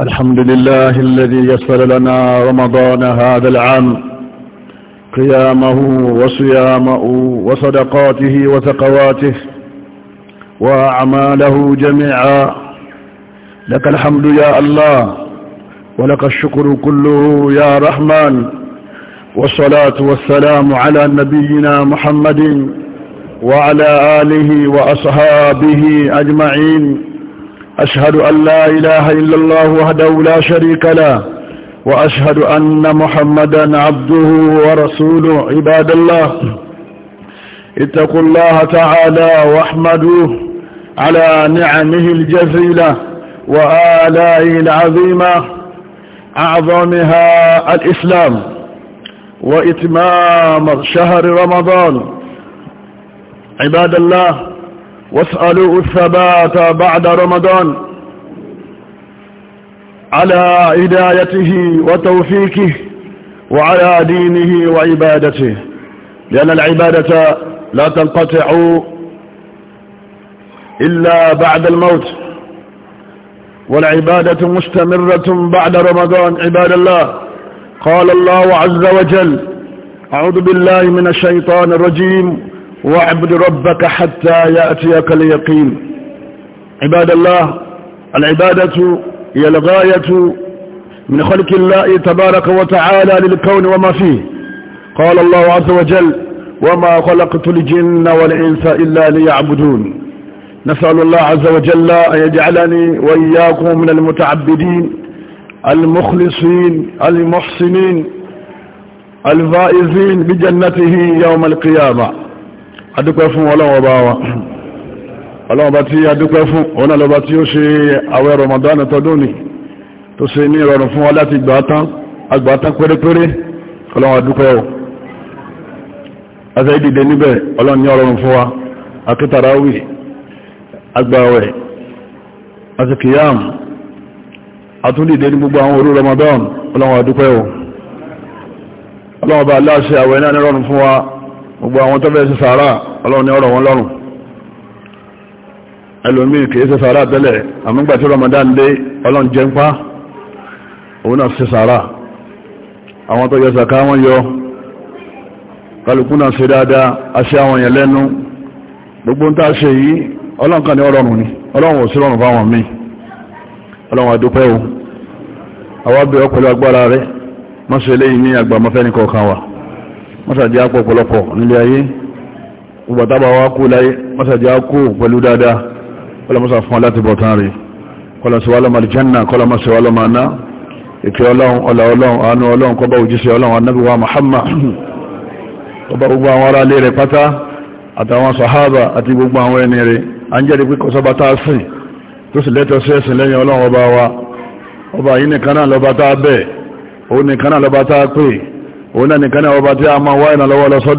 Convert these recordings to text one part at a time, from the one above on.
الحمد لله الذي يسر لنا رمضان هذا العام قيامه وصيامه وصدقاته وثقواته وأعماله جميعا لك الحمد يا الله ولك الشكر كله يا رحمن والصلاة والسلام على نبينا محمد وعلى آله وأصحابه أجمعين أشهد أن لا إله إلا الله وحده لا شريك له وأشهد أن محمدا عبده ورسوله عباد الله اتقوا الله تعالى واحمدوه على نعمه الجزيلة وآلائه العظيمة أعظمها الإسلام وإتمام شهر رمضان عباد الله واسألوا الثبات بعد رمضان على هدايته وتوفيقه وعلى دينه وعبادته لأن العبادة لا تنقطع إلا بعد الموت والعبادة مستمرة بعد رمضان عباد الله قال الله عز وجل أعوذ بالله من الشيطان الرجيم واعبد ربك حتى يأتيك اليقين عباد الله العبادة هي الغاية من خلق الله تبارك وتعالى للكون وما فيه قال الله عز وجل وما خلقت الجن والإنس إلا ليعبدون نسأل الله عز وجل أن يجعلني وإياكم من المتعبدين المخلصين المحسنين الفائزين بجنته يوم القيامة adúpẹ́ fún ọlọ́wọ́ wa ọlọ́wọ́ bá tí adúpẹ́ fún ọ̀nà lọ́ba tí ó ṣe àwẹ̀ Ramadan tọdún ni tó ṣe ní ìrọ̀rùn fún wa láti gbàátán pérépéré ọlọ́wọ́ adúpẹ́ o azẹ́ dìde níbẹ̀ ọlọ́ni ọrọ̀rùn fún wa akítàráwì Ramadan ọlọ́wọ́ adúpẹ́ o ọlọ́wọ́ bá aláṣẹ àwẹ̀ náà nírọ̀rùn fún wa gbogbo àwọn tó fẹ́ sí sàárà ọlọ́run ní ọ̀rọ̀ wọn lọ́rùn ẹlòmíì kìí ṣe sàárà tẹ́lẹ̀ àmúgbà tí Ramadan dé ọlọ́run jẹ́ ń pa òun náà ṣe sàárà àwọn tó yọ sàká wọn yọ kálukú náà ṣe dáadáa aṣẹ àwọn yẹn lẹ́nu gbogbo ń tàà ṣe yìí ọlọ́run kan ní ọlọ́run ni ọlọ́run ò sí rọrùn fáwọn míì ọlọ́run àdúpẹ́ o àwọn abẹ́ pẹ̀lú agbára rẹ̀ mọ́ṣẹ́lẹ́yìn ní àgbà mọ́fẹ́ kọ̀ọ̀kan wa mọ́ṣàdí àpọ̀ ọ̀pọ̀lọpọ̀ nílé ayé ìgbàtàbà wá kú láyé mọ́sàjá kú pẹ̀lú dáadáa kọ́lá mọ́sà fún aláti bọ̀tán rí kọ́lá sí wálọ́mà aljanna kọ́lá mọ́sà wálọ́mà ná ìkẹ́ ọlọ́run ọlá ọlọ́run àánú ọlọ́run ọlọ́run ànábì wa Muhammad kọ́bá gbogbo àwọn ará lérè pátá àtàwọn sàhábà àti gbogbo àwọn ẹni rẹ̀ à ń jẹ́rìí pé kọ́sọ́bá tá a sìn tó sì lẹ́tọ̀ sí ẹ̀sìn lẹ́yìn ọlọ́run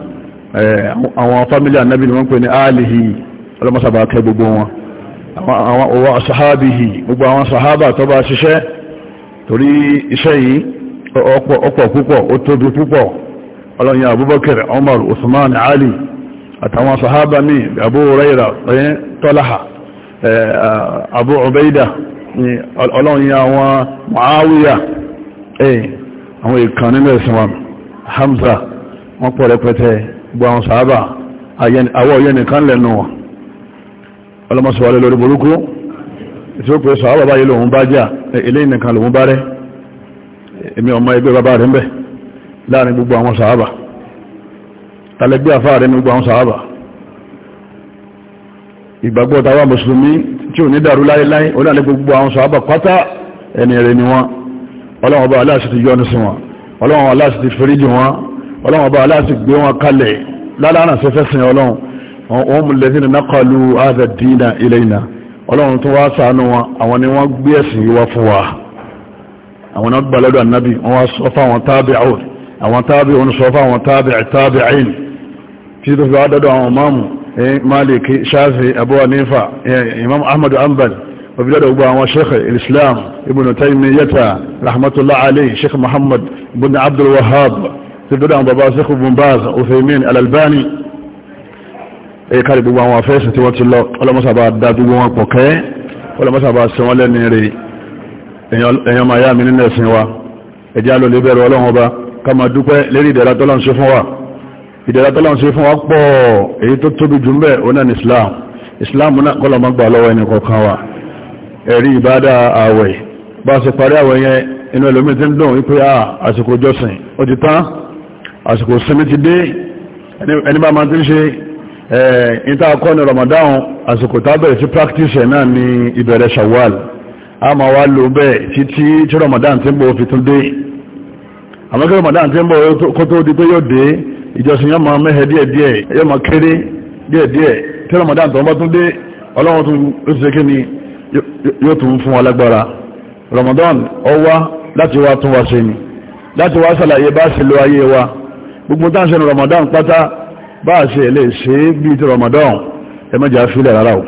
Eh, àwọn fámílì annabi ni wọ́n pè ní alihi ọlọ́mọ́sàbà kẹ gbogbo wọn àwọn ọwọ́ sahabihi gbogbo àwọn sahaba tó bá ṣiṣẹ́ torí iṣẹ́ yìí ọ̀pọ̀ púpọ̀ ó tóbi púpọ̀ ọlọ́yìn abubakar omar usman ali àtàwọn sahaba mi abu raira ọyẹn eh, tọ́láha eh, abu ubaida ọlọ́yìn àwọn muawiya hamza wọ́n pọ̀ gbọ́ àwọn sàábà àwọ̀ yẹn nìkan lẹ́nu wọn ọlọ́mọsọ̀wọ́lẹ́ lórí burúkú tí ó pè sàábà báyìí lòun bá jà ilé nìkan lòun bá rẹ̀ èmi ọmọ ẹgbẹ́ bàbá rẹ̀ ń bẹ̀ láàrin gbogbo àwọn sàábà tàlẹ́gbẹ́ àfáà rẹ̀ ní gbogbo àwọn sàábà ìgbàgbọ́ tàwa mùsùlùmí tí ò ní dàrú láíláí onílẹ̀ gbogbo àwọn sàábà pátá ẹni rẹ̀ ọlọ́run ọba aláàsì gbé wọn kalẹ̀ lálàrán sẹ́fẹ́ sin ọlọ́run wọn mú lẹ́sìn nákàlù ààrẹ dínà ilẹ̀ iná ọlọ́run tó wá ṣàánú wọn àwọn ni wọ́n gbé ẹ̀sìn yíwá fún wa àwọn náà gbà lọ́dọ̀ ànábì wọ́n wá sọ fáwọn tábì'un àwọn tábì'un sọ fáwọn tábì'in tábì'in tí tó fi wá dọ́dọ̀ àwọn ìmáàmù Málìkì Ṣáfì Abu Hanifa Imam Ahmadu Ambal وبلاد أبوان وشيخ الإسلام ابن تيمية رحمة الله عليه شيخ محمد بن عبد الوهاب ti dọ́dọ̀ àwọn bàbá sẹ́kù bumbaz ofemin alalbani èyí kárí gbogbo àwọn afẹ́sì tí wọ́n ti lọ ọlọ́mọ́sàbà dájúgbó wọn pọ̀ kẹ́ ọlọ́mọ́sàbà sí wọ́n lẹ́ni rẹ̀ èyàn máa yá mi nínú ẹ̀sìn wa ẹjá lọ lè bẹ̀rẹ̀ ọlọ́run ọba ká máa dúpẹ́ lérí ìdẹ̀ra tọ́lọ́run ṣe fún wa ìdẹ̀ra tọ́lọ́run ṣe fún wa pọ̀ èyí tó tóbi jù ń bẹ òun náà ní islam islam náà kọ́lọ̀ máa gbà lọ́wọ́ ẹni kọ̀ọ̀kan wa ẹ̀rí ìbádà àwẹ̀ bá a ṣe parí àwẹ̀ yẹn inú ẹlòmí ti ń dùn wípé ah, àsìkò jọ́sìn ó ti tán àsìkò sinmi ti dé ẹni bá máa ti ń ṣe eh, ìta akọ́ ní Ramadan àsìkò tábẹ̀rẹ̀ sí practice ẹ̀ náà ní ìbẹ̀rẹ̀ Shawwal a máa wá lò bẹ́ẹ̀ títí tí Ramadan ti ń bọ̀ fi tún dé àmọ́ kí Ramadan ti ń bọ̀ kó tó di pé yóò dé ìjọsìn yóò máa mẹ́hẹ̀ díẹ̀díẹ̀ yóò máa kéré díẹ̀díẹ̀ tí Ramadan tó ń bá tún dé ọlọ́run tún ó ti ṣe ni yóò tún fún wa Ramadan ó wá láti wá tún wa ṣe ni láti wá ṣàlàyé bá ṣe lo ayé wa gbogbo táṣẹ́ ní Ramadan pátá bá a ṣe lè ṣe bí ti Ramadan ẹmẹ́jà fílẹ̀ rárá o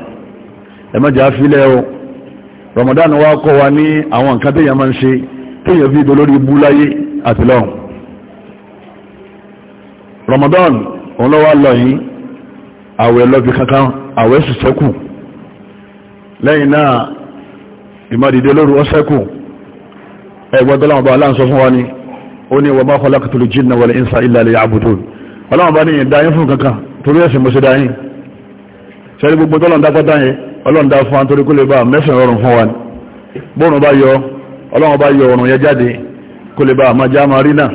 ẹmẹ́jà fílẹ̀ o Ramadan wá kọ́ wa ní àwọn nǹkan téèyàn máa ń ṣe téèyàn fi ìdó lórí láyé àti lọ́hùn Ramadan òun lọ́wọ́ lọ yìí àwẹ̀ lọ́bi kankan àwẹ̀ sì sẹ́kù lẹ́yìn náà ìmọ̀dìdé lóru ọ́sẹ́kù ẹgbọ́n tó ó ní wa ma khalaqtul jinna wal insa illa liya'budun ọlọ́run bá ní ìdáyín fún kankan torí ẹ̀sìn mo ṣe dáyín ṣẹ́rí gbogbo tọ́lọ̀ ń dápátá yẹn ọlọ́run dá fún antorí kó lè bá mẹ́sàn rọrùn fún wa ní bóòrùn bá yọ ọlọ́run bá yọ ọ̀rùn yẹ jáde kó lè bá ma já ma rí náà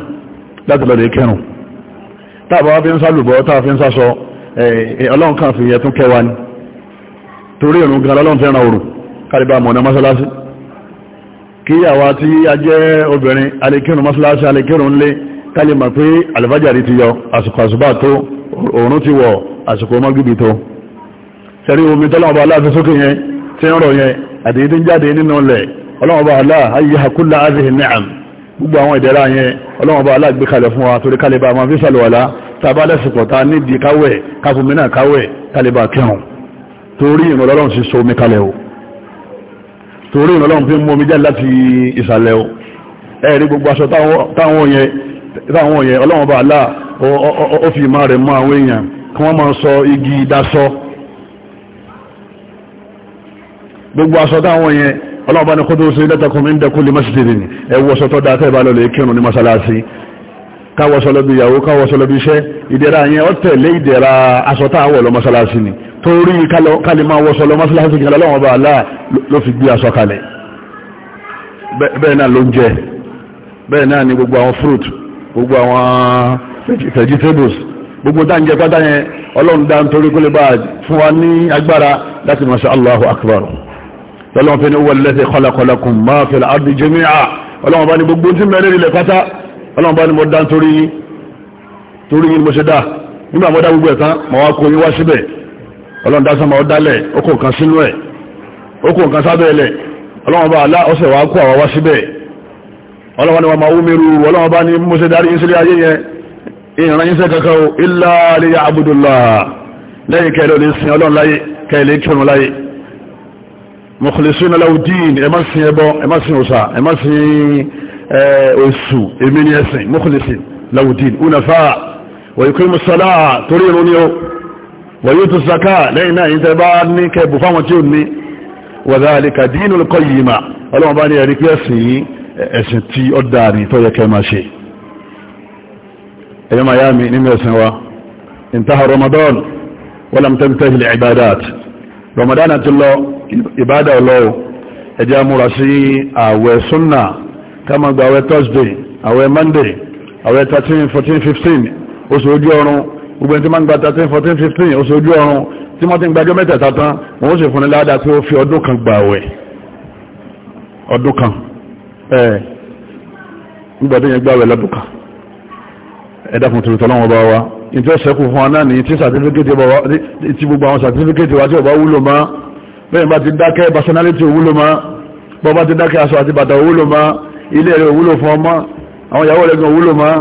kíyàwó tí a jẹ́ obìnrin alikirun masalasi alikirun lé kalima pé alifajari ti yọ àsìkò àsùbá tó oòrùn ti wọ̀ àsìkò magribi tó sẹ́rí omi tọ́lọ́ọ̀bá aláàfin sókè yẹn tí ń rọ̀ yẹn àti ìdí jáde nínú lẹ̀ ọlọ́ọ̀bá aláà ayé hakúlá azihin ni'am gbogbo àwọn ìdẹ̀ra yẹn ọlọ́ọ̀bá aláà gbé kalẹ̀ fún wa torí kalibà ma sí so omi kalẹ̀ torí ìrọ̀lọ́run fi mú omi jáde láti ìsàlẹ̀ o ẹ̀rí gbogbo aṣọ táwọn yẹn ọlọ́run bá aláà ó fi ìmá rẹ̀ mọ́ àwọn èèyàn kí wọ́n máa sọ igi ìdásọ́ gbogbo aṣọ táwọn yẹn ọlọ́run bá ní kó tó ṣe lẹ́tọ̀kùn mi ń dẹkùn lè mọ́sídìrì ní ẹwọ́ sọ tó dáa tẹ́ẹ̀bá lọ́lẹ̀ kírun ní mọ́sálásí káwọ́sọ lọ́bí ìyàwó káwọ́sọ lọ́bí iṣẹ́ ìdẹ̀ra yẹn ó tẹ̀lé ìdẹ̀ra aṣọ táwọ̀ lọ ni torí kalẹ̀ máa wọ́sọ lọ mọ́síláṣí ìkẹlẹ̀ lọ́wọ́ bá aláà ló fi gbé aṣọ kalẹ̀ bẹ́ẹ̀ náà ló ń jẹ bẹ́ẹ̀ náà ni gbogbo àwọn fruit gbogbo àwọn vegetables gbogbo dáńjẹ pátá yẹn ọlọ́run dá ń torí kó lè bá fún wa ní agbára láti máa ṣe Allahu Akbar lọ́lọ́run fi ní wọ́n lẹ́sẹ̀ kọlakọlakùn máa fẹ́ láàbí jẹ́míà ọlọ́run bá ní gbogbo tí mẹ́rin ilẹ̀ pátá ọlọ́run bá ní mo ọlọ́run dásánmà ó dálẹ̀ ó kó nǹkan sínú ẹ̀ ó kó nǹkan sábẹ́ ẹlẹ̀ ọlọ́run bá alá ọ̀sẹ̀ wàá kó àwa wá síbẹ̀ ọlọ́run ni wọ́n máa wúmi ru ọlọ́run bá ní mọ́sẹ̀ darí ìṣẹ́lẹ̀ ayé yẹn ìran yíṣẹ́ kankan o illa liya'budullah lẹ́yìn kẹlẹ́ ò ní sin ọlọ́run láyé kẹlẹ́ kírun láyé mukhlisina lahu din ẹ má sin ẹbọ ẹ má sin òsà ẹ má sin oṣù èmi ni ẹsìn mukhlisin lahu din unafa wa yuqimu salat torí irun ni o wọ̀yí tó saka lẹ́yìn náà yìí tẹ́ bá ní kẹbù fáwọn tí ó ní wàdáàlìkà dínú lọ́kọ́ yìí ma ọlọ́wọ́n bá ní ẹ̀rí pé ẹ̀sìn yìí ẹ̀sìn tí ó dáàrí tó yẹ kẹma ṣe ẹ̀yọ́ ma nínú ẹ̀sìn wa intaha ramadan wọ́lá mtẹ́mtẹ́hìlì ibadat ramadan àti lọ ibada ọlọ́wọ́ gbogbo ẹni tí máa ń gba 13 14 15 oṣù ojú ọrùn tí wọ́n ti ń gbàjọ́ mẹ́tẹ̀ẹ̀ta tán wọ́n ó sì fún ní ládàá tí ó fi ọdún kan gbà wẹ̀ ọdún kan ẹ̀ nígbàtí yẹn gbàwẹ̀ lọ́dún kan ẹ̀dàkùn tó tọ́lọ́wọ́ bá wa in tí ó sẹ́kù fún aná ní tí gbogbo àwọn sàtífíkẹ́tì wa tí ó bá wúlò máa bẹ́yìn bá ti dákẹ́ personality wúlò máa bọ́ bá ti dákẹ́ aṣọ àti bàtà wúlò máa ilé rẹ̀ wúlò fún ọmọ àwọn ìyàwó rẹ̀ gan wúlò máa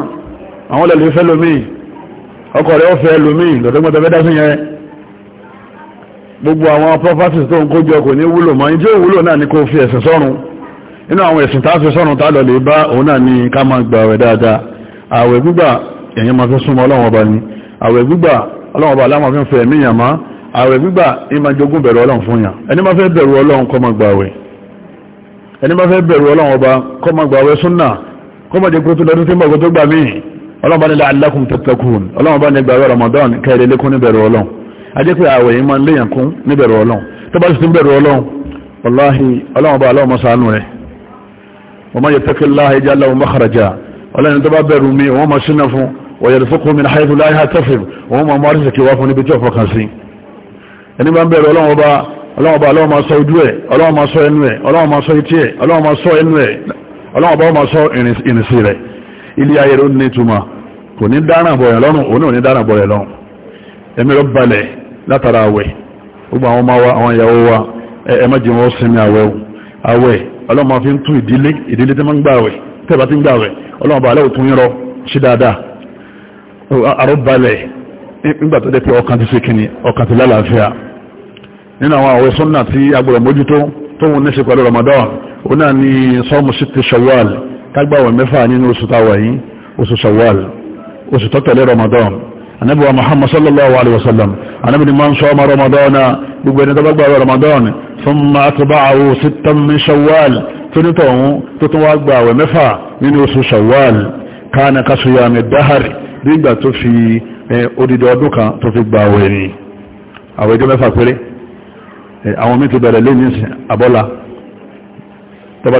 àwọn lẹ́lẹ́fẹ́ lómìn ọkọ rẹ̀ ó fẹ́ lómìn lọ́dọ́gbọ́ta fẹ́ dásún yẹn gbogbo àwọn properties tó ń kójọ kò ní wúlò mọ́ ní tí ó wúlò náà ní kó fi ẹ̀sìn sọ́run inú àwọn ẹ̀sìn tá fi sọ́run tá lọ lè bá òun náà ní ká máa gba àwẹ̀ dáadáa ni àwẹ̀ gbígbà ọlọ́run ọba aláma fi ń fẹ́ míyàn má àwẹ̀ gbígbà ní máa jogún bẹ̀rù ọlọ́run fún yàn ẹni máa fẹ́ bẹ̀rù ọlọ́run kó máa gba àwẹ̀ ẹni máa fẹ́ bẹ̀rù ọlọ́run ọba kó máa gba ọlọ́run bá ní la'allakum tattaqun ọlọ́run bá ní gbàwẹ̀ Ramadan kẹrẹ lékún níbẹ̀rù ọlọ́run a jẹ́ pé àwẹ̀ yìí máa ń léyàn kún níbẹ̀rù ọlọ́run tó bá sì tún bẹ̀rù ọlọ́run wàláhì ọlọ́run bá aláwọ̀ mọ́sánú rẹ̀ wa man yattaqillaha yaj'al lahu makhraja ọlọ́run tó bá bẹ̀rù mi wọ́n máa sínà fún wa yarzuqhu min haythu la yahtasib wọ́n máa mọ́ sọ ojú rẹ̀ ilé ayé ló ní ìtumọ̀ kò ní dáràn bọ̀yàn lọ́rùn òun náà ní dáràn bọ̀yàn lọ́rùn ẹ̀mí balẹ̀ látara àwẹ̀ gbogbo àwọn ọmọ wa àwọn ìyàwó wa ẹ má jẹ́ wọn sinmi àwẹ̀ o àwẹ̀ ọlọ́mọ fi ń tún ìdílé ìdílé tí wọ́n ń gbà àwẹ̀ tẹ́ẹ̀bá ti ń gbà àwẹ̀ ọlọ́mọ bá aláwọ̀ tún yọrọ ṣe dáadáa Ramadan ó náà ní sọ́ọ̀mù kágbàwẹ̀ mẹ́fà nínú oṣù tàwà yìí oṣù sawal oṣù tọ́tẹ̀lé ramadan ànábì wa muhammad sallallahu alaihi wasallam ànábì ni man sọ́ọ́mà ramadan gbogbo ẹni tọ́gbàwẹ̀ ramadan thumma atba'ahu sittan min shawwal tó ní tọ̀hún tó tún wá gbàwẹ̀ mẹ́fà nínú oṣù sawal kana ka siyami dahar nígbà tó fi odidi ọdún kan tó fi gbàwẹ̀ ni àwẹ̀ ọjọ́ mẹ́fà péré àwọn mi ti bẹ̀rẹ̀ lé ní àbọ́lá tọ́bá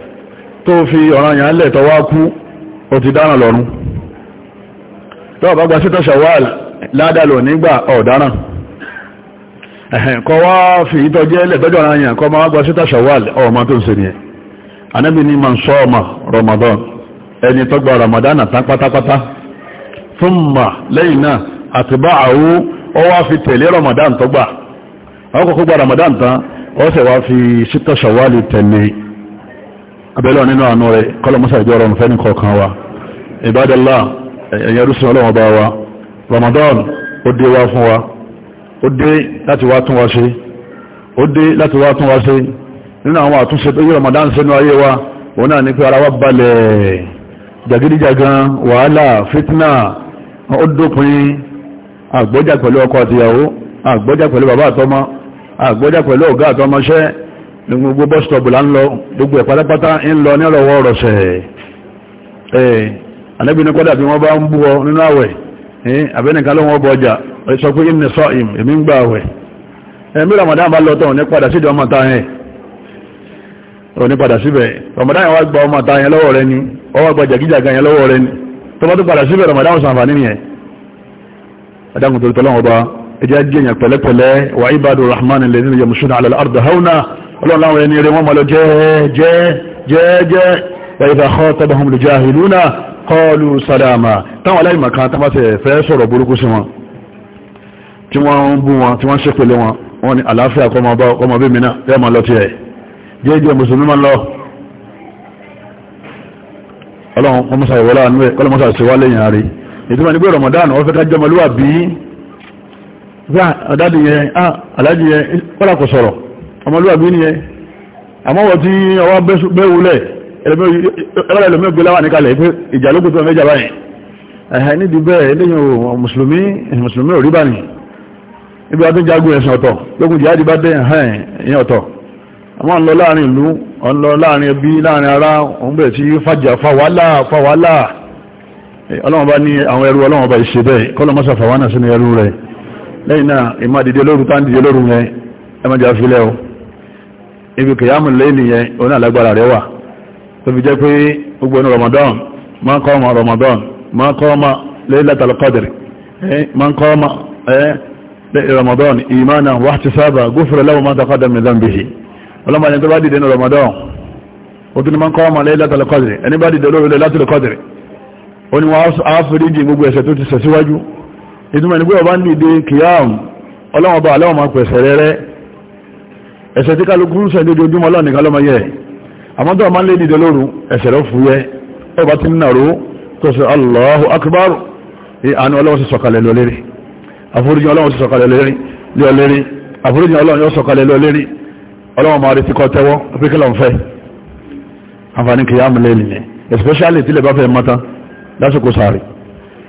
tó fi ọ̀ràn yàn lẹ̀ tọwá kú o ti dáràn lọ́run tọ́wọ́ bá gba sítọ̀ ṣàwàl ládà lò nígbà ọ̀daràn ẹ̀hẹ̀n kọ wá fi ìtọ́jẹ́ lẹ̀ tọ́jọ́ ọ̀ràn yàn kọ máa gba sítọ̀ Ramadan ẹni tó gba Ramadan tán pátápátá thumma lẹ́yìn náà atba'ahu ó wá fi tẹ̀lé Ramadan tó gbà ọkọ̀ Ramadan tán ó sì wá fi sítọ̀ tẹ̀lé abẹ́lọ́ nínú àánú rẹ̀ kọlọmọ́sà ìjọ ọ̀rọ̀ fẹ́ ní kọ̀ọ̀kan wa ìbádẹ́lá ẹ̀yẹ rúsùn wa Ramadan ó dé wá fún wa ó dé láti wá tún wa ṣe ó dé láti wá tún wa ṣe nínú àwọn àtúnṣe tó yí Ramadan sínú ayé wa òun náà ní pé ara wa balẹ̀ jàgídíjàgan wàhálà fitna ó dópin àgbọ́jà pẹ̀lú ọkọ àtìyàwó àgbọ́jà pẹ̀lú bàbá àtọmọ àgbọ́jà pẹ̀lú ọ̀gá àtọmọṣẹ́ gbogbo bọ́stọ̀bù là ń lọ gbogbo ẹ̀ pátápátá ń lọ ní ọ̀rọ̀wọ́ rọ̀ṣẹ̀ ẹ̀ Ànábì ní kọ́dà bí wọ́n bá ń bú ọ nínú àwẹ̀ àbẹ́nìkan ló wọ́n bọ ọjà sọ pé ìmì sọ ìm èmi ń gbà àwẹ̀ ẹ̀mí Ramadan bá lọ tán ní padà sídọ̀ ọmọ táyẹn ò ní padà síbẹ̀ Ramadan wá gba ọmọ táyẹn lọ́wọ́ rẹ ni ọwọ́ gba jàgíjàgà yẹn lọ́wọ́ rẹ ni tó bá tó padà síbẹ̀ Ramadan sàǹfààní nìyẹn adágùn tó tọ́lọ́wọ́ bá ẹjẹ́ jẹ́yàn pẹ̀lẹ́pẹ̀lẹ́ wà ibadu rahman lè nínú yẹmùsùn alàlá ardà haúnà ọlọ́run láwọn ẹni rẹ̀ wọ́n mọ̀ lọ jẹ́ẹ́jẹ́ ẹ̀dà khatabahum al-jahiluna qalu salama táwọn aláìmọ̀kan tán bá ti fẹ́ sọ̀rọ̀ burúkú sí wọn tí wọ́n ń bú wọn tí wọ́n ṣe pẹ̀lẹ́ wọn wọ́n ni àlàáfíà kọmọ bí mìíràn kọ́lá kò sọ̀rọ̀ ọmọlúwàbí ní ẹ àmọ́wọ̀ tí ọwọ́ bẹ́wulẹ̀ ẹlẹ́lẹ́lẹ́mí ògbéláwà ní kalẹ̀ pé ìjàlógún tó mẹ́jà báyìí ẹ̀hẹ́ nídi bẹ́ẹ̀ lẹ́yìn mùsùlùmí mùsùlùmí ò rí bá ní ibi adún jagun ẹ̀sìn ọ̀tọ̀ lókun jihadi bá dẹ́ ẹ̀hẹ́ ọ̀tọ̀ àmọ́ ń lọ láàrin ìlú ń lọ láàrin ẹbí láàrin ará òun bẹ̀rẹ̀ sí fàjà fàwálà fàwálà ọlọ́wọ́n bá ní àwọn ẹrú ọlọ́wọ́n bá ìṣe bẹ́ẹ̀ kọ́lọ́mọ́sà fàwánà sínú ẹrú rẹ̀ lẹ́yìn náà ìmá dìde lóru tá dìde lóru rẹ̀ ẹmọ́jà fílẹ̀ o ibi kìyàmù lẹ́yìn yẹn oní alágbára rẹ̀ wà tó fi jẹ́ pé gbogbo ẹnu Ramadan ma ń kọ́ ọmọ Ramadan ma ń kọ́ ọmọ Laylatul Qadr ma ń kọ́ ọmọ Ramadan imanan wa ihtisaba ghufira lahu ma taqaddama min dhanbihi ọlọ́mọdé tó bá dìde ní Ramadan ó tún ní ma ń kọ́ ọmọ Laylatul Qadr ẹni bá dìde lórí ẹ̀ṣẹ̀ tí kálukú sẹ̀ lójoojúmọ́ lọ́nìkan lọ́mọ yẹ àmọ́ tó ọmọ lè dìde lóru ẹ̀ṣẹ̀ rẹ̀ fúyẹ́ ọba ti ń nàró tó sọ Allahu Akbar àánú ọlọ́wọ́ sì sọ̀kalẹ̀ lọ lérí àforíjì ọlọ́wọ́ sì sọ̀kalẹ̀ lọ lérí àforíjì ọlọ́wọ́ sì sọ̀kalẹ̀ lọ lérí ọlọ́wọ́ máa rí especially tí lè bá fẹ́ mọ́ta lásìkò sàárì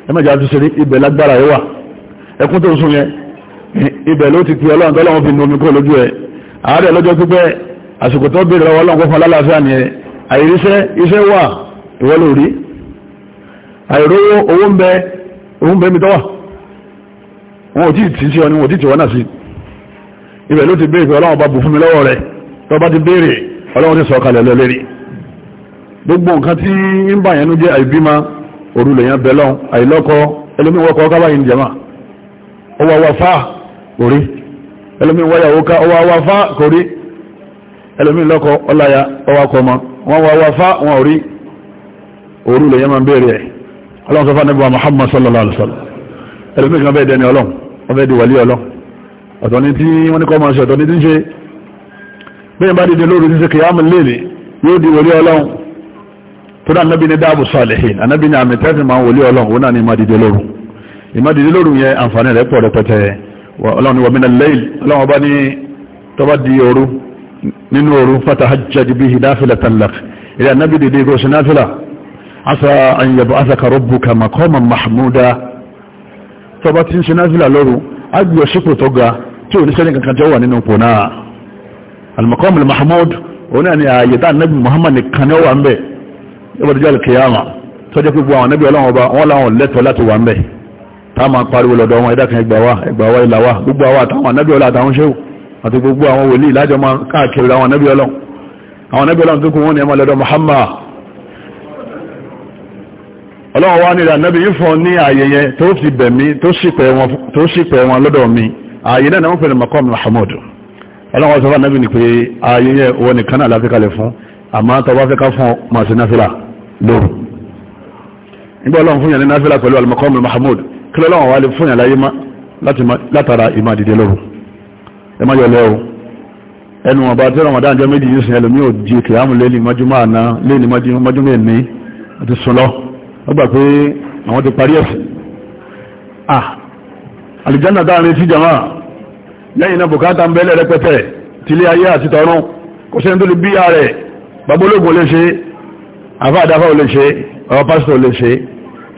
ẹmẹ́jà ti ṣeré ibẹ̀ lágbára ẹwà ẹkún tó ń sún yẹn ibẹ̀ ló ti pè ọlọ́run ààrẹ lọ́jọ́ pípẹ́ àsìkò tó bèèrè lọ́wọ́ ọlọ́run fún alálàáfíà ni àìríṣẹ́ iṣẹ́ wà ìwọ́ lórí àìrówó owó ń bẹ owó ń tọ́wà wọn ò tí tí sí ọ ni wọn ò tí tí wọ́n náà sí ibẹ̀ ló ti bèèrè pé ọlọ́run bá bù fún mi lọ́wọ́ rẹ̀ tó bá ti bèèrè ọlọ́run ti sọ̀kalẹ̀ lọ lérí ẹlòmí wáyàwó ká ọwọ́ wá fá kò rí ẹlòmí lọ́kọ ọláyà ọwọ́ kọmọ wọ́n wá wá fá wọn rí òru lè yẹ́mà bèèrè ẹ̀ ọlọ́run sọ fún anábíwá Muhammad sallallahu alaihi wasallam ẹlòmí kan bẹ́ẹ̀ dẹni ọlọ́run wọ́n fẹ́ di wàlí ọlọ́run ọ̀tọ̀ ní tí wọ́n ní kọ́ máa ṣe ọ̀tọ̀ ní tí ń ṣe bẹ́ẹ̀ bá dìde lóru ṣe kìyàmù lèlè yóò di wàlí ọlọ́run tó dá ọlọ́run ni wọ́n mìíràn lẹ́yìn ọlọ́run ọba ní tọ́ba di òru nínú òru fatahajjad bihi nafilatan lak ilẹ̀ anábì dìde kò sí náfìlà asa an yab'athaka rabbuka maqaman mahmuda tọ́ba ti ń ṣe náfìlà lóru agbèyọ̀ sípò tó ga tí ò ní sẹ́ni kankan jẹ́ wà nínú pò náà mahmud òun náà ni ààyè muhammad kan ní ó wà ń bẹ̀ yóò alkiyama tọ́jọ́ gbogbo àwọn anábì ọlọ́run ọba wọn láwọn lẹ́tọ̀ọ́ láti wà ń bẹ̀ tá máa pariwo lọ́dọ̀ wọn ẹ̀dá kan ẹgbà wá ẹgbà wá ìlà wá gbogbo àwọn àtàwọn anábì ọlọ́ àtàwọn ṣéwù àti gbogbo àwọn wòlíì lájọ máa káàkiri àwọn anábì ọlọ́ àwọn anábì ọlọ́ tó kún wọn ni ẹ máa lọ́dọ̀ Muhammad ọlọ́wọ́ wá nílẹ̀ anábì yìí fún ní ààyè yẹn tó ti bẹ̀ mí tó sì pẹ̀ wọn lọ́dọ̀ mi ààyè náà wọ́n pẹ̀lú makam Muhammad ọlọ́wọ́ sọ fún anábì ni pé ààyè yẹn kílọ̀ láwọn wà lè fún yàn láyé látara ìmá dìde lọ́rùn ẹ má yọlẹ́ o ẹnu ọba tí ramadan jẹ́ méjì yìí sin ẹlòmí ò di kìyàmù lé ní mọ́júmọ́ àná lé ní mọ́júmọ́ ah alìjánà dáàrin sí jama lẹ́yìn náà bùkátà ń bẹ́lẹ̀ rẹpẹtẹ tilé ayé àti tọrún kò sẹ́ni tó lè bí ara rẹ̀ babológun àfáàdáfà ò lè ṣe ọ̀pásítọ̀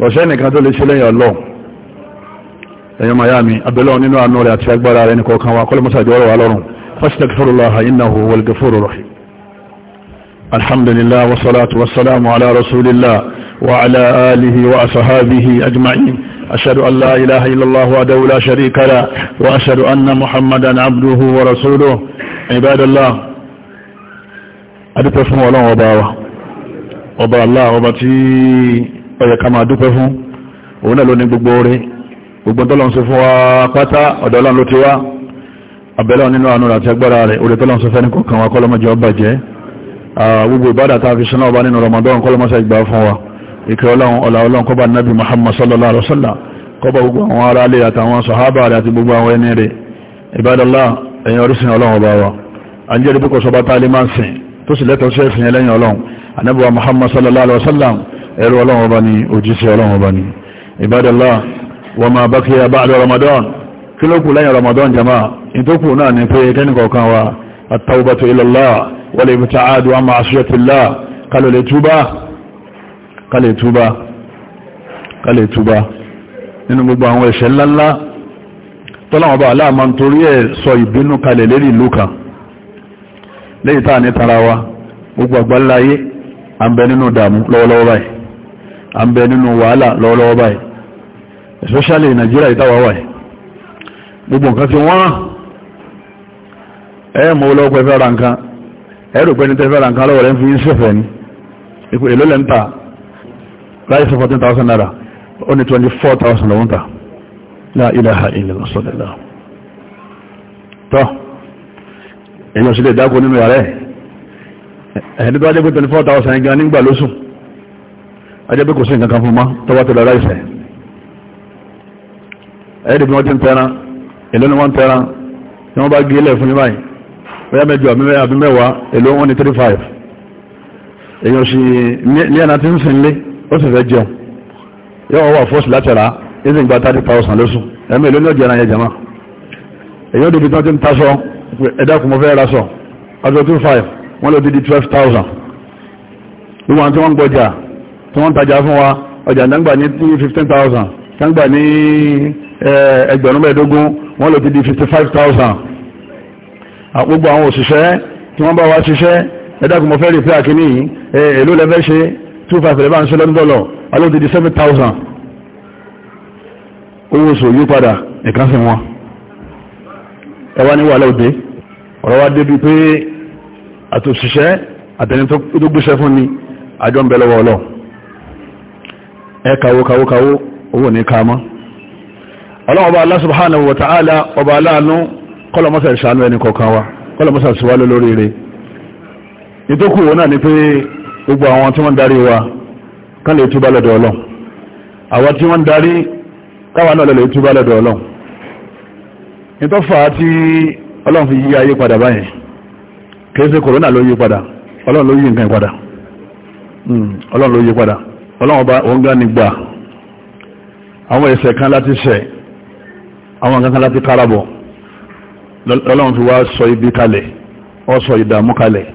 ọ̀ṣẹ́ nìkan tó lè ṣe lẹ́yìn ọlọ́run ẹ̀yọ́ miami abẹ́lẹ́ nínú àánú rẹ̀ àti agbára rẹ̀ nìkọ̀ọ̀kan wa kọ́lẹ̀ mọ́sàájọ́ ọ̀rọ̀ wa lọ́rùn fastagfirullah innahu wal ghafurur rahim alhamdulillah wa salatu wa salamu ala rasulillah wa ala alihi wa ashabihi ajma'in ashhadu an la ilaha illallah wahdahu la sharika lah wa ashhadu anna muhammadan abduhu wa rasuluhu ibadallah adúpẹ́ fún ọlọ́run ọba wa ọba allah ọba tí ó yẹ ká máa òun náà ló gbogbo rẹ̀ gbogbo tọ́lọ́n sọ fún wa pátá ọ̀dọ̀ ọlọ́run ló ti wá abẹ́lọ́ nínú àánú àti agbára rẹ̀ orí tọ́lọ́n sọ fẹ́ni kọ̀kan wa kọ́lọ́mọjọ́ ọba jẹ́ gbogbo ìbádà tá fi sanáà bá nínú Ramadan kọ́lọ́mọsá ìgbà fún wa ìkẹ́ ọlọ́run ọ̀là ọlọ́run Muhammad sallallahu alaihi wasallam kọ́bà gbogbo àwọn ará ilé àtàwọn sàhábà rẹ̀ àti gbogbo àwọn ẹni rẹ̀ Ibadallah ẹ̀yin orísun ọlọ́run ọba wa a ń jẹ́ ìdíbùkọ̀ Muhammad sallallahu alaihi wasallam ẹ̀rọ ọlọ́run ọba ni òjíṣẹ́ ọlọ́run ọba ni Ibadallah wọ́n máa bá kíyà bá àdọ́ Ramadan kí ló kù lẹ́yìn Ramadan jama ìtókù náà ni pé kẹ́nìkọ̀ọ̀kan wa at-tawbatu ila Allah wal ibta'adu amma asiyatillah kalẹ̀ túbá kalẹ̀ túbá kalẹ̀ túbá nínú gbogbo àwọn ẹ̀ṣẹ̀ ńláńlá tọ́láwọn bá aláàmà ń torí ẹ̀ sọ ìbínú kalẹ̀ lérí ìlú kan lẹ́yìn táà lọ́wọ́lọ́wọ́ báyìí especially in Nigeria ìtawà wáyé gbogbo nǹkan ti wọ́n ẹ mọ̀ olóòpẹ́ fẹ́ra nǹkan ẹ̀rù pẹ́ ní tẹ́fẹ́ra nǹkan lọ́wọ́ rẹ̀ ń fi sẹ́fẹ́ ní ipò èlò lẹ́ntà láì 14,000 naira ó ní 24,000 lọ́wọ́n ta la ilaha illallah sọ́lẹ̀lá tọ́ èyàn sí lè dákò nínú yàrá ẹ̀ ẹ̀ẹ́dẹ́gbẹ́ 24,000 gan nígbà lóṣù ajẹ́gbẹ́ kò sí nǹkan fún ma tọ́wọ́ tó lọ ẹ̀ẹ́dì bí wọ́n ti ń tẹ́ran èlò ni wọ́n ń tẹ́ran tí wọ́n bá gé ilẹ̀ fún yíbáyìí bóyá mẹ́jọ àbí mẹ́wàá èlò wọ́n ni 35 èyàn sì ní ẹ̀nà tí ń sin lé ó sì fẹ́ jẹun yóò wà fọ́ọ̀sì láti rà ìsì ń gba 30,000 lóṣù ẹ̀mí èlò ní ọjọ́ ẹran yẹn jẹma èyàn dìbì tí wọ́n ti ń tasọ ẹ̀dàkùn mọ́ fẹ́ ra sọ ọjọ́ 25 wọ́n lọ dídí 12,000 ìwọ̀n tí wọ́n ń gbọjà tí wọ́n ń tajà fún wa ọjà ìdáǹgbà ní 15,000 ìdáǹgbà ní Eh, ẹgbẹ̀rún mẹ́ẹ̀dógún wọ́n lò ti di 55,000 gbogbo àwọn òṣìṣẹ́ tí wọ́n bá wá ṣiṣẹ́ ẹ̀dàkùn mọ́fẹ́ rí pé àkíní eh, èlò lẹ́fẹ́ ṣe 2,500 lẹ́bàá ń ṣe lọ́dún dọ́lọ̀ aló ti di 7,000 owó oṣù yí padà nìkan sí wọn ẹwà ní wà lóde ọ̀rọ̀ wá débi pé àtòṣìṣẹ́ àtẹni tó gbéṣẹ́ fún ni àjọ ń bẹ lọ́wọ́ ọlọ́ ẹ kàwó kàwó kàwó owó ní ká mọ́ ọlọ́wọ́ bá Allah subhanahu wa ta'ala ọba aláàánú kọlọmọ́sà ìṣàánú ẹni kọ̀ọ̀kan wa kọlọmọ́sà ìṣàwálé lórí rẹ̀ ìtókù wọn náà ni pé gbogbo àwọn tí wọ́n darí wa kán lè túbá lọ́dọ̀ ọlọ́n àwọn tí wọ́n darí káwọn náà lè túbá lọ́dọ̀ ọlọ́n ìtọ́fà tí ọlọ́n fi yí ayé padà báyìí kìí ṣe kòrónà ló yí padà ọlọ́n ló yí hmm, kan láti ṣẹ̀ àwọn nǹkan kan láti kárabọ̀ lọ́lọ́run fi wá sọ ibi kalẹ̀ ọ sọ ìdààmú kalẹ̀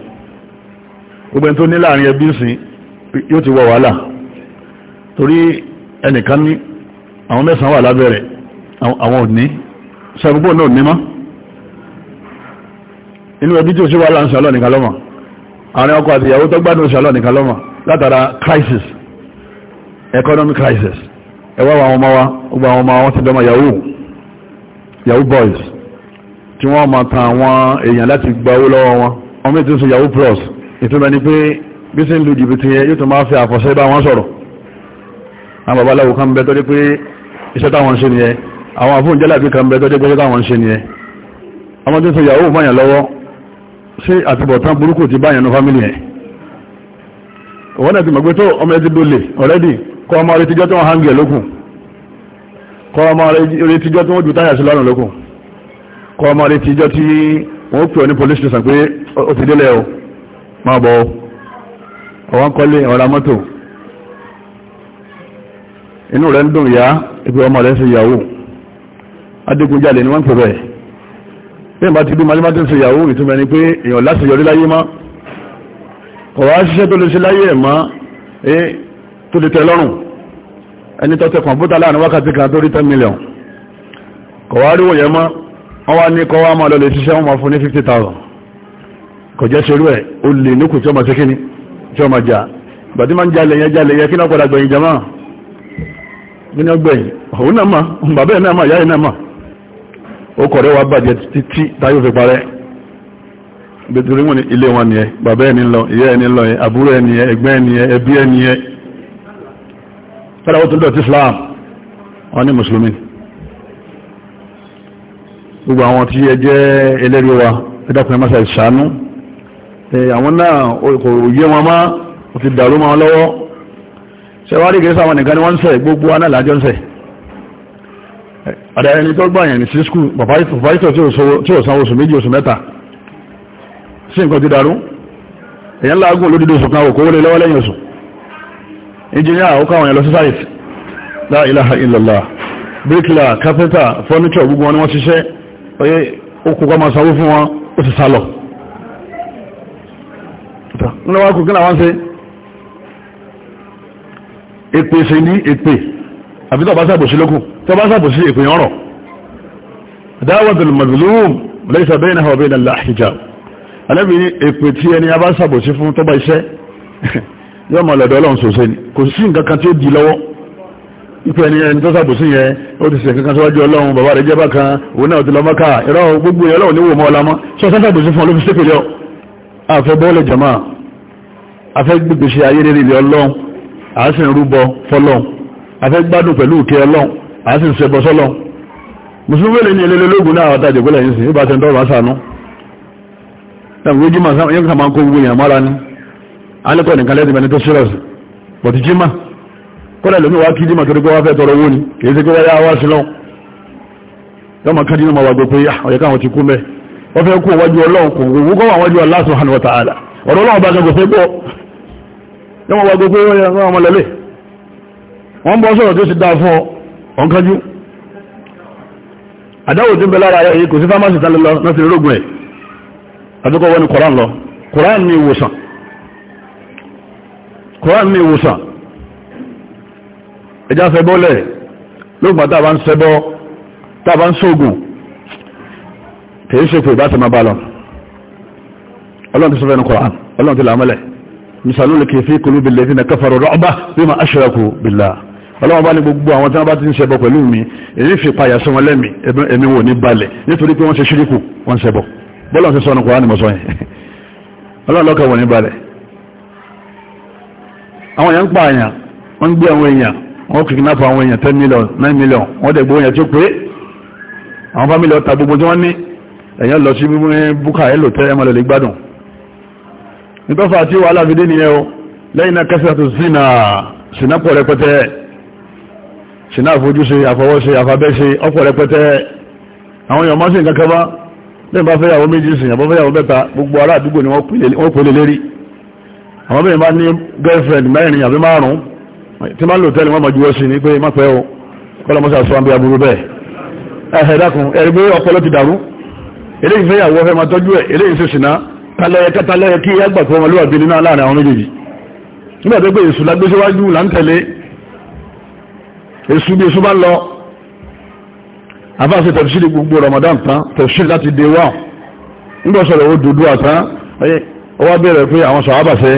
gbogbo ẹni tó ní láàrin ẹbí sìn yóò ti wọ wàhálà torí ẹnìkan ní àwọn mẹ́sàn-án wà lábẹ́rẹ̀ àwọn òní sẹ́gbogbo náà ní mọ́ inú ẹbí tí ó sí wà láàrín sàlọ́ nìkan lọ́mọ̀ crisis economic crisis ẹwà wa gbogbo àwọn ọmọ wọn ti yahoo boys tí wọ́n máa ta àwọn èèyàn láti gba owó lọ́wọ́ wọn ọmọ ètò sọ yahoo plus ìtumọ̀ ni pé bí sí ń lu jìbìtì yẹn yóò tó máa fi àfọ̀ṣẹ́ bá wọn sọ̀rọ̀ àwọn babaláwo kan bẹ tọ́jú pé iṣẹ́ táwọn ń ṣe nìyẹn àwọn àfóúnjẹ́lábí kan bẹ tọ́jú pé iṣẹ́ táwọn ń ṣe nìyẹn ọmọ tí ń sọ yahoo báyàn lọ́wọ́ sí àtibọ̀tán burúkú ti báyàn ní fámílì yẹn òwọ́n náà ti mọ̀ pé tó ọmọ ẹ ti already kọ́ ọmọ rẹ ti jọ́ tó wọn kọ́ ọmọ rẹ̀ tíjọ́ tí wọ́n ju táyà sí lọ́rùn lókùn kọ́ ọmọ police station pé ó ti délẹ̀ o máa bọ̀ ọwọ́n inú rẹ̀ ń dùn yá ibi ọmọ rẹ̀ sí yàwó adigunjalè ni wọ́n pè bẹ́ẹ̀ bẹ́ẹ̀ bá ti bí malimati sí yàwó ìtumẹ̀ ni pé èèyàn láti yọrí láyé má ọ̀rọ̀ aṣiṣẹ́ tó lè ṣe láyé ẹ̀ eh, tó lè tẹ́ lọ́rùn ẹni tó tẹ kọ̀mpútà láàrin wákàtí kan tó rí 10 million kọ̀wárí wòye mọ́ wọ́n wá ní kọwàá máa lọ lè ṣiṣẹ́ wọ́n máa fún ní 50,000 kò jẹ́ ṣerú ẹ̀ o lè níkù tí ó máa ṣe kíní tí ó máa jà bàtí máa ń jalè yẹn jalè yẹn kí náà padà gbẹ̀yìn jama nínú ọgbẹ̀yìn òun náà máa bàbá ẹ̀ kọ́lá ó tún dọ̀tí Islam wọ́n ní mùsùlùmí gbogbo àwọn tí ẹ jẹ́ ẹlẹ́rìí wa ẹ̀dàkùnrin mọ́sá ìṣàánú àwọn náà kò yé wọn má ó ti dàrú wọn lọ́wọ́ ṣẹwárí kìí sáwọn nìkan ni wọ́n ń sẹ̀ gbogbo anáàlájọ́ ń sẹ̀ àdá ẹni tó gbà yẹn ní sí skul pàpáìtọ̀ tí ò san oṣù engineer ó káwọn yẹn lọ sí site la ilaha illallah bricklayer carpenter furniture gbogbo wọn ni wọ́n ṣiṣẹ́ oye ó kó kọ́mọ sanwó fún wọn ó sì sálọ nínú wá kò kí làwọn ṣe èpè ṣe ní èpè àbí tọ́ bá sàbòsí lókù tọ́ bá sàbòsí èpè yẹn rọ̀ dáwọ́dùn mazlum lẹ́sà yóò mọ̀ lọ́dọ̀ ọlọ́run sòsẹ́ ni kò sí nǹkan kan tí ó di lọ́wọ́ ipò ẹni ẹni tó sàbòsí yẹn ó ti ṣe kankan síwájú ọlọ́run bàbá rẹ̀ jẹ́bà kan òun náà ti lọ mọ́ká ìrọ̀ gbogbo ọlọ́run ní wò mọ́ ọlámọ́ sọ sàbòsí fún olófin sépèlé ọ àfẹ́ bọ́ọ̀lẹ̀ jama àfẹ́ gbèsè ayé rere ilẹ̀ ọlọ́run àásì ń rúbọ fọlọ́run àfẹ́ gbádùn pẹ̀lú òkè ọlọ́run àásì ń ṣẹbọ sọlọ́run mùsùlùmí lè ní ilé lóògùn náà àwọn àtàjẹ̀gbẹ́lẹ̀ yìí sí ibà tẹ̀ ń alẹ́kọ̀ọ́ nìkan lẹ́sìn bẹni tó sírọ̀sì bọ̀tí jímà kọ́lẹ̀ lómi wá kí jímà torí pé wá fẹ́ tọrọ owó ni kìí sí pé wá yá wá sí lọ́wọ́ yọmọ kan nínú màwàgbé pé ọ̀yẹ́ ah, káwọn ti kú mẹ́ wọ́n fẹ́ kú wájú ọlọ́run kò wọ́n kọ́ wájú Allah subhanahu wa ta'ala ọ̀rọ̀ ọlọ́run bá kẹ́kọ̀ọ́ fẹ́ gbọ́ àdáwò tí ń bẹ lára yìí kò sí fámásì tálẹ́lọ́ náà ti rógùn ẹ̀ àdúkọ̀ wọn ni Kùránì lọ Kùránì ni ìwòsàn kòrán ní ìwòsàn ẹjá fẹ́bọ́lẹ̀ lóògbà tàbá ń ṣẹbọ tàbá ń ṣògùn kìí ṣe pé ìbáṣẹ máa bá lọ ọlọ́run ti sọ fẹ́nu kòrán ọlọ́run ti làmọ́lẹ̀ misalul kì í fi qulubil ladhina kafaru ru'ba bima ashraku billah ọlọ́wọ́ bá ní gbogbo àwọn tí wọ́n bá ti ń ṣẹbọ pẹ̀lú mi èyí fi payà sí wọn lẹ́mí ẹ̀mí wò ní balẹ̀ nítorí pé wọ́n ṣe ṣíríkù wọ́n ṣẹbọ bọ́lọ̀ ṣe sọ́nù kòrán ni mọ̀ sọ́yìn ọlọ́run lọ́kàn wò ní balẹ̀ àwọn èèyàn ń pa àyàn wọ́n ń gbé àwọn èèyàn wọ́n kìkì àwọn èèyàn ten million nine million wọ́n dẹ̀ gbóhùn yẹn tó pé àwọn fámìlì ọ̀tà gbogbo tí wọ́n ní èèyàn lọ sí búkà ẹ̀ lò tẹ́ ẹ̀ mọ̀lẹ́lẹ́ gbádùn nítorí àti wàhálà fi dé nìyẹn o lẹ́yìn náà kẹsàn-án tó sínà sínà pọ̀ rẹpẹtẹ sínà àfojúṣe àfọwọ́ṣe àfabẹ́ṣe ọ̀pọ̀ rẹpẹtẹ àwọn èèyàn mọ́sìn kankan bá lẹ́yìn bá àwọn mẹ́rin bá ní girlfriend mẹ́rin àbí márùn tí máa ń lò tẹ́lẹ̀ wọ́n mọ̀ juwọ́ sí ní pé má pẹ́ o kọ́lọ̀ mọ́sá sọ àbí aburú bẹ́ẹ̀ ẹ̀hẹ̀ dákun ẹ̀rí pé ọpọlọ ti dàrú eléyìí fẹ́ yàwó fẹ́ máa tọ́jú ẹ̀ eléyìí sì sìnà talẹ́yẹ kátàlẹ́yẹ kí ẹgbà tó wọn lóògbé nínú láàrin àwọn méjèèjì Ramadan tán tẹ̀sílì láti dé wà nígbà sọ̀rọ̀ ó dúdú àtán ọwọ́ bẹ̀rẹ̀ pé àwọn sọ̀rọ̀ àbàṣẹ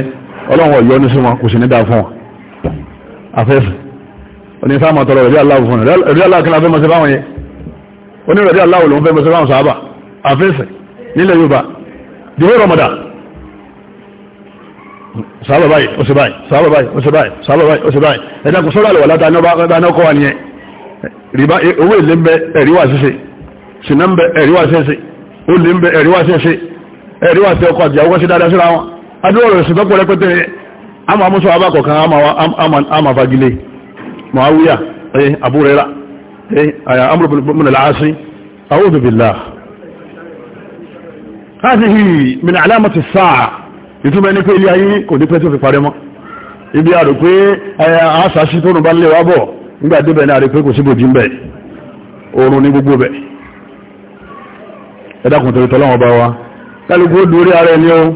ọlọ́run ọ̀yọ́ ní sí wọn kò sì ní dáa fún wọn afẹ́fẹ́ oní sáàmà tọrọ rẹ̀dí aláwọ̀ fún rẹ̀dí aláwọ̀ kílá fẹ́ mọ́ sí báwọn yẹn oní rẹ̀dí aláwọ̀ lòun fẹ́ mọ́ sí báwọn sàábà afẹ́fẹ́ nílẹ̀ Yorùbá dìbò rọmọdà sàábà báyìí ó sì báyìí sàábà báyìí ó sì báyìí sàábà báyìí ó sì báyìí ẹ̀dá kò sọ́rọ̀ àlùwà látà ní ọkọ̀ wa adúrò rẹ̀ ṣùgbọ́n pẹ̀lẹ́pẹ̀tẹ̀ àmà mú sọ abákọ̀kan àmà fagilé a eh Abu Huraira eh Amr ibn al-As a'udhu billah hadhihi min alamati as-sa'a ìtumọ̀ ní pé ilé ayé kò ní pẹ́ tó fi parẹ́ mọ́ ibi àrò pé àṣàṣì oòrùn ní gbogbo ẹ̀dàkùn bá wa ara ẹni o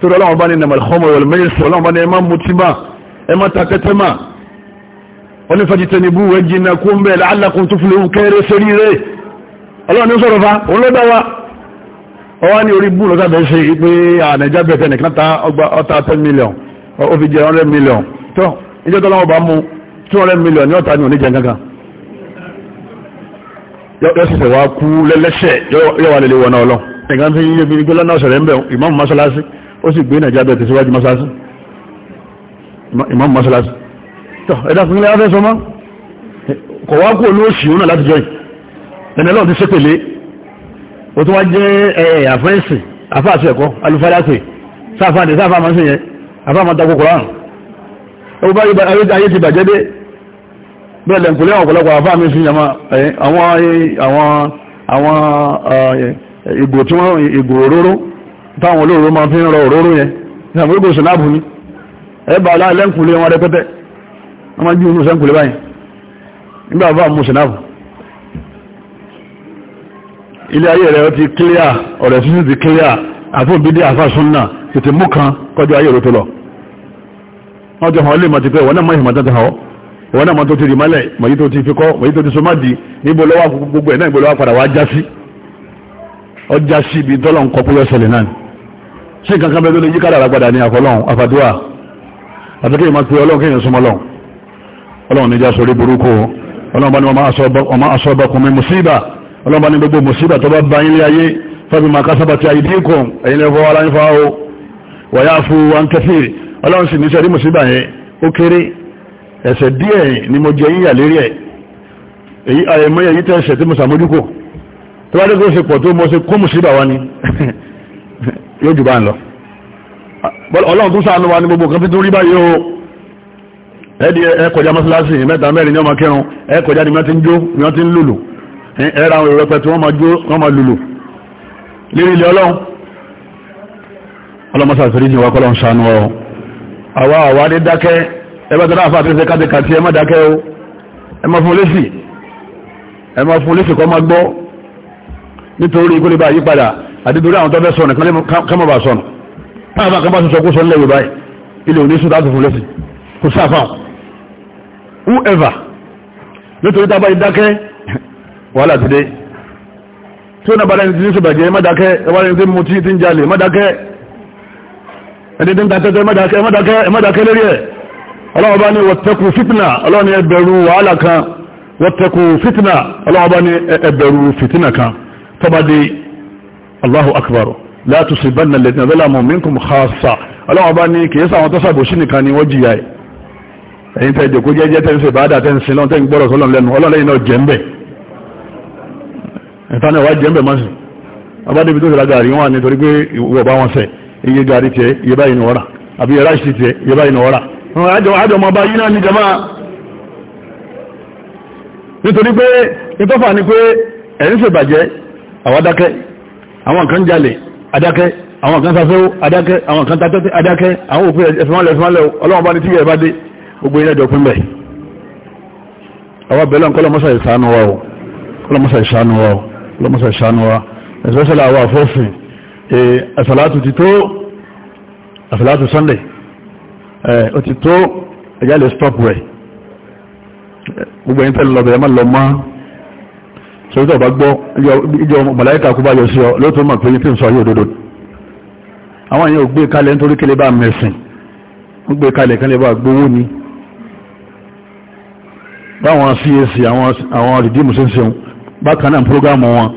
torí ọlọ́run bá ní nàmàlì ọmọ ìwọ̀lù mẹ́rìnsì ọlọ́run bá ní ẹmá mutima ẹmá takẹtẹ́mà onífẹ́jìtẹ́nibú ẹjìnà kó ń bẹ̀ láàlákùn tó fún kẹ́rẹ́ sórí rẹ̀ ọlọ́run ní sọ̀rọ̀ fa òun ló dá wa ọwá ní orí bú lọ́sàbẹ̀ ṣe pé ànàjá bẹ̀tẹ̀ nìkan ta ọgbà ọta 10 million ó fi jẹ 100 million tó ìjọ́ tó lọ́wọ́ bá mú 200 million ní ọ̀tá ní ó sì gbé nàìjíríà tẹ̀síwájú masalasi imam masalasi tọ́ ẹ̀dá fún ilé afẹ́ sọmọ́ kọ̀ wá kú olú òṣì òun láti jọyìn ẹnẹ́lọ́ ti sépèlé ó tún wá jẹ́ àfẹ́ǹsì afáàsì ẹ̀kọ́ alufáàdásì sáfáàdì sáfáà máa ń sèyẹn afáà máa takò kòrán ó bá tí wọ́n ìgò òróró táwọn olóòrò máa fi ń rọ òróró yẹn ní àmúrígbò sinabu ní ẹbà aláìlẹ́kùnlé wọn rẹpẹtẹ wọ́n máa jí inú sẹ́kùnlé báyìí nígbà bá mú sinabu ilé ayé rẹ̀ ti kílíà ọ̀rẹ̀ sísí ti kílíà àfóbídé àfásúnnà tètè mú kan kọjú ayé rẹ̀ tó lọ wọ́n jọ hàn lè mọ̀ ti wọ́n náà ọjà sí ibi tọ́lọ̀ ń kọ́ pé yọ́sẹ̀lẹ̀ náà sí kankan bẹ́ẹ̀ tó lè yí kádàrà padà ní àkọlọ́hún àfàdúà àtẹ́kẹ́ ìmọ̀ pé ọlọ́run kéèyàn súnmọ́ lọ́hún ọlọ́run níjà sórí burúkú ọlọ́run bá ní ọmọ asọ́bọ̀kùn mi mùsíbà ọlọ́run bá ní gbogbo mùsíbà tó bá bá yín lé ayé fẹ́bi máa kásábà ti àyè dínkù ẹ̀yin ni mo jẹ yín yà lérí ẹ̀ èyí àyẹ̀mọ́ yẹn tó bá dégbò ṣe pọ̀ tó mọ́ ṣe kó mùsíbà wá ní yóò jù bá ń lọ ọlọ́run tún ṣàánú wa ní gbogbo kan tó rí báyìí o ẹ́dí ẹkọjá mọ́sálásì mẹ́ta mẹ́rin ní ọmọ kẹrùn ẹkọjá ni wọ́n ti ń jó ni wọ́n ti ń lùlù ẹ̀rà àwọn èrò pẹ̀tù wọ́n máa jó wọ́n máa lùlù lérí ilé ọlọ́run ọlọ́mọsà fèrè ní wọ́n kọ́lọ́run ṣàánú ọ àwa àwa dé dákẹ́ ẹgbẹ́ tó dáfà tó ṣe kátikàtì ẹ má dákẹ́ o ẹ má fún lésì ẹ má fún lésì kọ́ máa gbọ́ nítorí kó bá yí padà àdídórí àwọn tọ́fẹ́ sọ̀nà kánmọ̀ bá sọ̀nà táàbà kan bá sọ kó sọ lẹ́wẹ̀ báyìí ilẹ̀ òní sùn whoever nítorí tábà ń jalè mọ́dákẹ́ ẹni tí ẹ̀ ọlọ́wọ́ ní wọ́tẹ́kù fitna ọlọ́wọ́ ní wàhálà kan wọ́tẹ́kù fitna ọlọ́wọ́ ní ẹbẹ̀rù fitina kan tọ́badé Allahu akbar la tusibanna alladhina zalamu minkum khassa ọlọ́wọ́ bá ní kìí sáwọn tọ́sàbò sí nìkan ni wọ́n jìyà ẹ̀ ẹ̀yìn tẹ́ jẹ́ kó jẹ́ jẹ́ tẹ́ǹsẹ̀ bá dà tẹ́ǹsẹ̀ lọ́n tẹ́ǹ gbọ́rọ̀ sọ́lọ́n lẹ́nu ọlọ́lẹ́yìn náà jẹ́ǹbẹ̀ ìtàn ẹ̀wà jẹ́ǹbẹ̀ má sí abádébi tó ti ra gàrí wọn nítorí pé ìwọ̀ bá wọn sẹ̀ iye gàrí tiẹ̀ iye báyìí ni wọ́ra àbí iye ráìsì tiẹ̀ iye báyìí ni wọ́ra àjọ ọmọ bá yí náà ní jama nítorí pé ìtọ́fà ni pé ẹ̀yìn ṣèbàjẹ́ àwádákẹ́ àwọn kan jalè adákẹ́ àwọn kan safẹ́wó adákẹ́ àwọn kan tatẹ́tẹ́ adákẹ́ àwọn òfin ẹ̀fẹ́mọ́lẹ̀ ẹ̀fẹ́mọ́lẹ̀ ọlọ́wọ́n bá ní tíyẹ̀ bá dé gbogbo ilẹ̀ jọ fún bẹ̀ àwọn bẹ̀lẹ̀ kọlọmọ́sà ìṣàánú wa o kọlọmọ́sà ìṣàánú wa o kọlọmọ́sà wa especially àwọn afọ́sìn àṣàlátù ti tó àṣàlátù sunday ó ti tó ẹ̀yà lè stop rẹ̀ gbogbo ẹ̀yìn tẹ́lẹ̀ sọ́jọ́ ọba gbọ́ ìjọ mọ̀láyíkà kú bá yọ sí ọ lóòótọ́ mọ̀ pé ní tí ń sọ yóò dodo àwọn èèyàn ò gbé kalẹ̀ nítorí kí lè bá mẹ̀sìn ó gbé kalẹ̀ kan lè bá gbowó ni báwọn CAC àwọn rìdíìmù ṣe ń ṣeun bákan náà prógámù wọn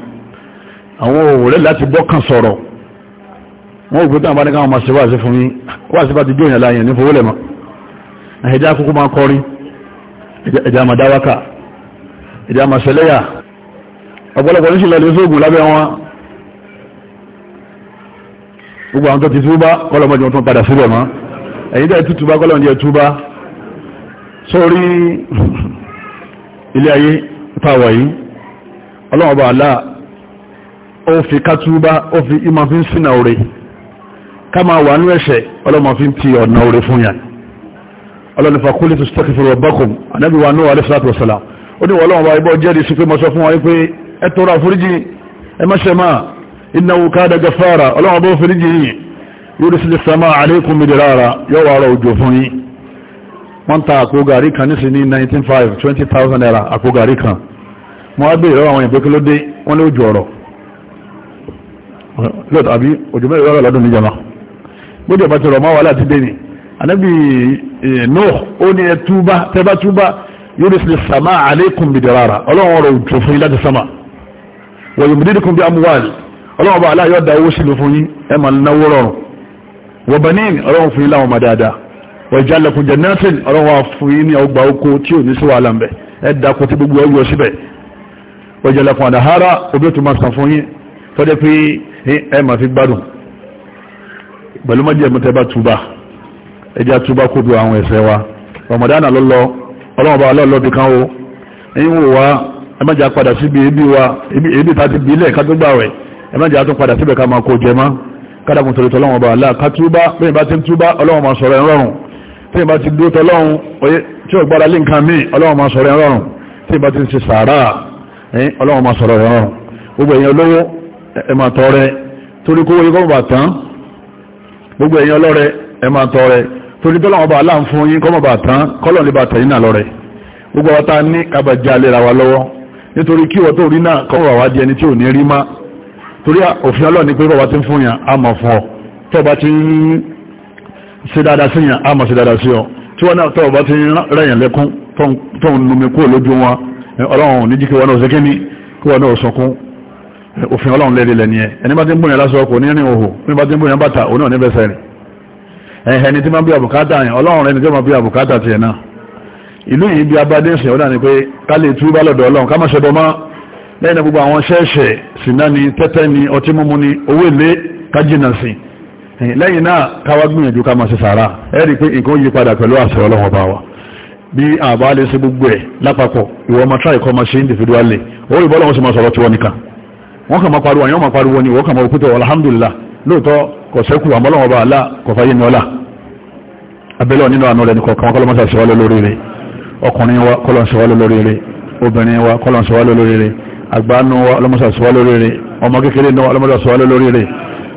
àwọn òwúrẹ́ láti bọ́kàn sọ̀rọ̀ wọ́n ò gbé tán bá ní káwọn máa ṣe wáṣẹ́ fún yín wáṣẹ́ bá ti dóyìn láyìn ní fowólẹ̀ mọ́ ẹ̀já kúkú máa kọrin ẹ̀já máa dáwákà ẹ̀já ọ̀pọ̀lọpọ̀ ní ṣìlẹ̀ sóògùn lábẹ́ wọn gbogbo àwọn tó ti túbá kọlọmọdé wọn tó padà síbẹ̀ mọ́ ẹ̀yìn tẹ́ tútúbá kọlọmọdé túbá sórí ilé ayé tàwà yìí ọlọ́wọ́ba àlá ó fi kátúbá ó fi ìmọ̀ fi ń sínà orí ká máa wà ní ẹ̀ṣẹ̀ ọlọ́mọ fi ń ti ọ̀nà orí fún yàn ọlọ́nifà kúlẹ̀ tó sọ́kì fún ọ̀bọ́kùn anábìwà náà alẹ́sàtọ̀ sọ́lá ó ní wọ́n ọlọ́wọ́ba ibọ́ jẹ́rìí sí pé mọ́ sọ fún wọn pé ẹ tọrọ àforíjì ẹ má ṣe máa innahu kana gafara ọlọ́wọ́n bó foríjì yìí yursil as-samaa alaykum midrara yóò wà rọ òjò fún yín wọ́n ta àkó kan ní sí ní 19.5 20,000 naira àkó gàrí kan wọ́n á bèèrè àwọn ìpé kí ló dé wọ́n lé òjò ọ̀rọ̀ lọ́tọ̀ àbí òjò mẹ́rin rọ́rọ̀ lọ́dún níjọba gbọ́dọ̀ bá ti rọ̀ máa wà láti dé ni anábì Nuh ó ní ọlọ́run ọ̀rọ̀ òjò fún yín láti wọ̀yọ̀mùdídìkún bí amúwàlì ọlọ́run bá aláyọ̀ da owó sílò fún yín ẹ máa náwó rọrùn wọ benin ọlọ́run fún yín láwọn ọmọ dáadáa wọ ìjálẹ̀kùn jẹ̀nẹ́tìn ọlọ́run wà fún yín ní ọgbà oko tí ò ní sí wàhálà mbẹ̀ ẹ dákun tí gbogbo ọyọ síbẹ̀ wọ ìjálẹ̀kùn àdáhárá obi tó máa sàn fún yín tọ́jẹ́ ẹ má jà padà síbi ebi wa ebi ta ti bí ilẹ̀ ká tó gbà wẹ̀ ẹ má jà tó padà síbẹ̀ ká máa kó jẹ mọ́ kádàkùn torí tọ́lọ́wọ́n bá aláà ká túbá bẹ́yìn bá ti ń túbá ọlọ́wọ́n máa sọ̀rọ̀ ẹ̀rọ̀rùn tí ìbá ti dúró tọ́lọ́wọ́n oyé tí ó gbára lé nǹkan mí ọlọ́wọ́n máa sọ̀rọ̀ ẹ̀rọ̀rùn tí ìbá ti ń ṣe sàárà ọlọ́wọ́n máa sọ̀rọ̀ ẹ̀rọ̀rùn gbogbo èèyàn olówó ẹ máa tọrẹ torí kówó yín kọ́ bà tán gbogbo èèyàn ọlọ́rẹ ẹ máa tọrẹ torí tọ́lọ́wọ́n bá aláà ń fún yín kọ́ bà tán kọ́lọ́ ní bàtà yín náà lọ́rẹ gbogbo ọ̀tá ní kábàjá lera wa lọ́wọ́ nítorí kí wọ́n tó rí náà kọ́ wà wá di ẹni tí ò ní rí má torí òfin ọlọ́ọ̀ ni pé bọ́ba ti ń fún yàn á mọ̀ fọ́ tọ́ba ti ń ṣe dáadáa sí yàn á mọ̀ ṣe dáadáa sí ọ tí wọ́n náà tọ́ba ti ń rẹ̀yàn lẹ́kún tó ń numi kúrò lójú wọn ọlọ́run ní jíkí wọn náà ṣẹ́kí ní kí wọn náà sọkún òfin ọlọ́run lẹ́rí lẹ́ni ẹ ẹni bá ti ń bóyàn lásọ kò ní rìn òhò ní bá ti ń bóyàn bàtà ìlú yìí bí abadé ìsìn ọ̀dá ni pé ká lè tú bálọ̀dọ̀ ọlọ́run ká má ṣẹbọ mọ́ lẹ́yìn gbogbo àwọn ṣẹ́ẹ̀ṣẹ̀ sínà ni tẹ́tẹ́ ni ọtí mímu ni owó èlé ká sí lẹ́yìn náà káwá gbìyànjú ká máa sàárà ẹ pé nǹkan yí padà pẹ̀lú àṣẹ ọlọ́run ọba wa bí àbá lè ṣe gbogbo ẹ̀ individually ó rí bọ́lọ́wọ́ sí máa sọ̀rọ̀ tiwọn nìkan wọ́n kàn máa alhamdulillah lóòótọ́ kò sẹ́kù àmọ́lọ́wọ́ bá alá kò fàyè ní ọlá abẹ́lẹ́ nínú àánú rẹ̀ nìkan kan ọkùnrin wa kọlọ̀ṣọ́wọ́ lórí rẹ̀ obìnrin wa kọlọ̀ṣọ́wọ́ lórí rẹ̀ àgbánú wa ọlọ́mọṣàṣọ́wọ́ lórí rẹ̀ ọmọ kékeré náà ọlọ́mọṣàṣọ́wọ́ lórí rẹ̀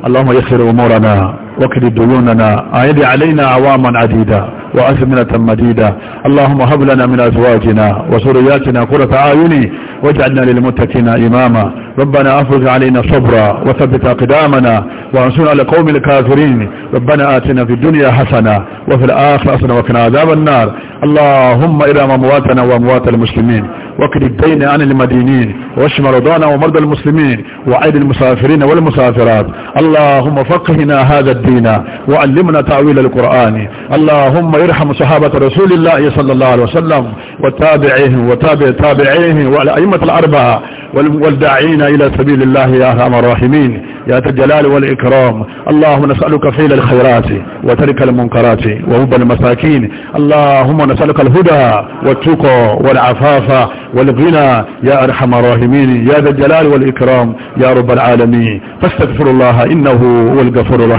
اللهم يسر أمورنا وكد ديوننا أعد علينا عواما عديدة وأزمنة مديدة اللهم هب لنا من أزواجنا وسرياتنا قرة أعين واجعلنا للمتكين إماما ربنا أفرج علينا صبرا وثبت أقدامنا وانصرنا لقوم الكافرين ربنا آتنا في الدنيا حسنة وفي الآخرة حسنة وقنا عذاب النار اللهم إلى مواتنا وأموات المسلمين وكل الدين عن المدينين واشف مرضانا ومرضى المسلمين وعيد المسافرين والمسافرات اللهم فقهنا هذا الدين وعلمنا تعويل القرآن اللهم ارحم صحابة رسول الله صلى الله عليه وسلم وتابعيه وتابع تابعيه والأئمة الأربعة والداعين إلى سبيل الله يا أرحم الراحمين يا ذا الجلال والإكرام اللهم نسألك فعل الخيرات وترك المنكرات وهب المساكين اللهم نسألك الهدى والتقى والعفاف والغنى يا أرحم الراحمين يا ذا الجلال والإكرام يا رب العالمين فاستغفر الله إنه هو الغفور الرحيم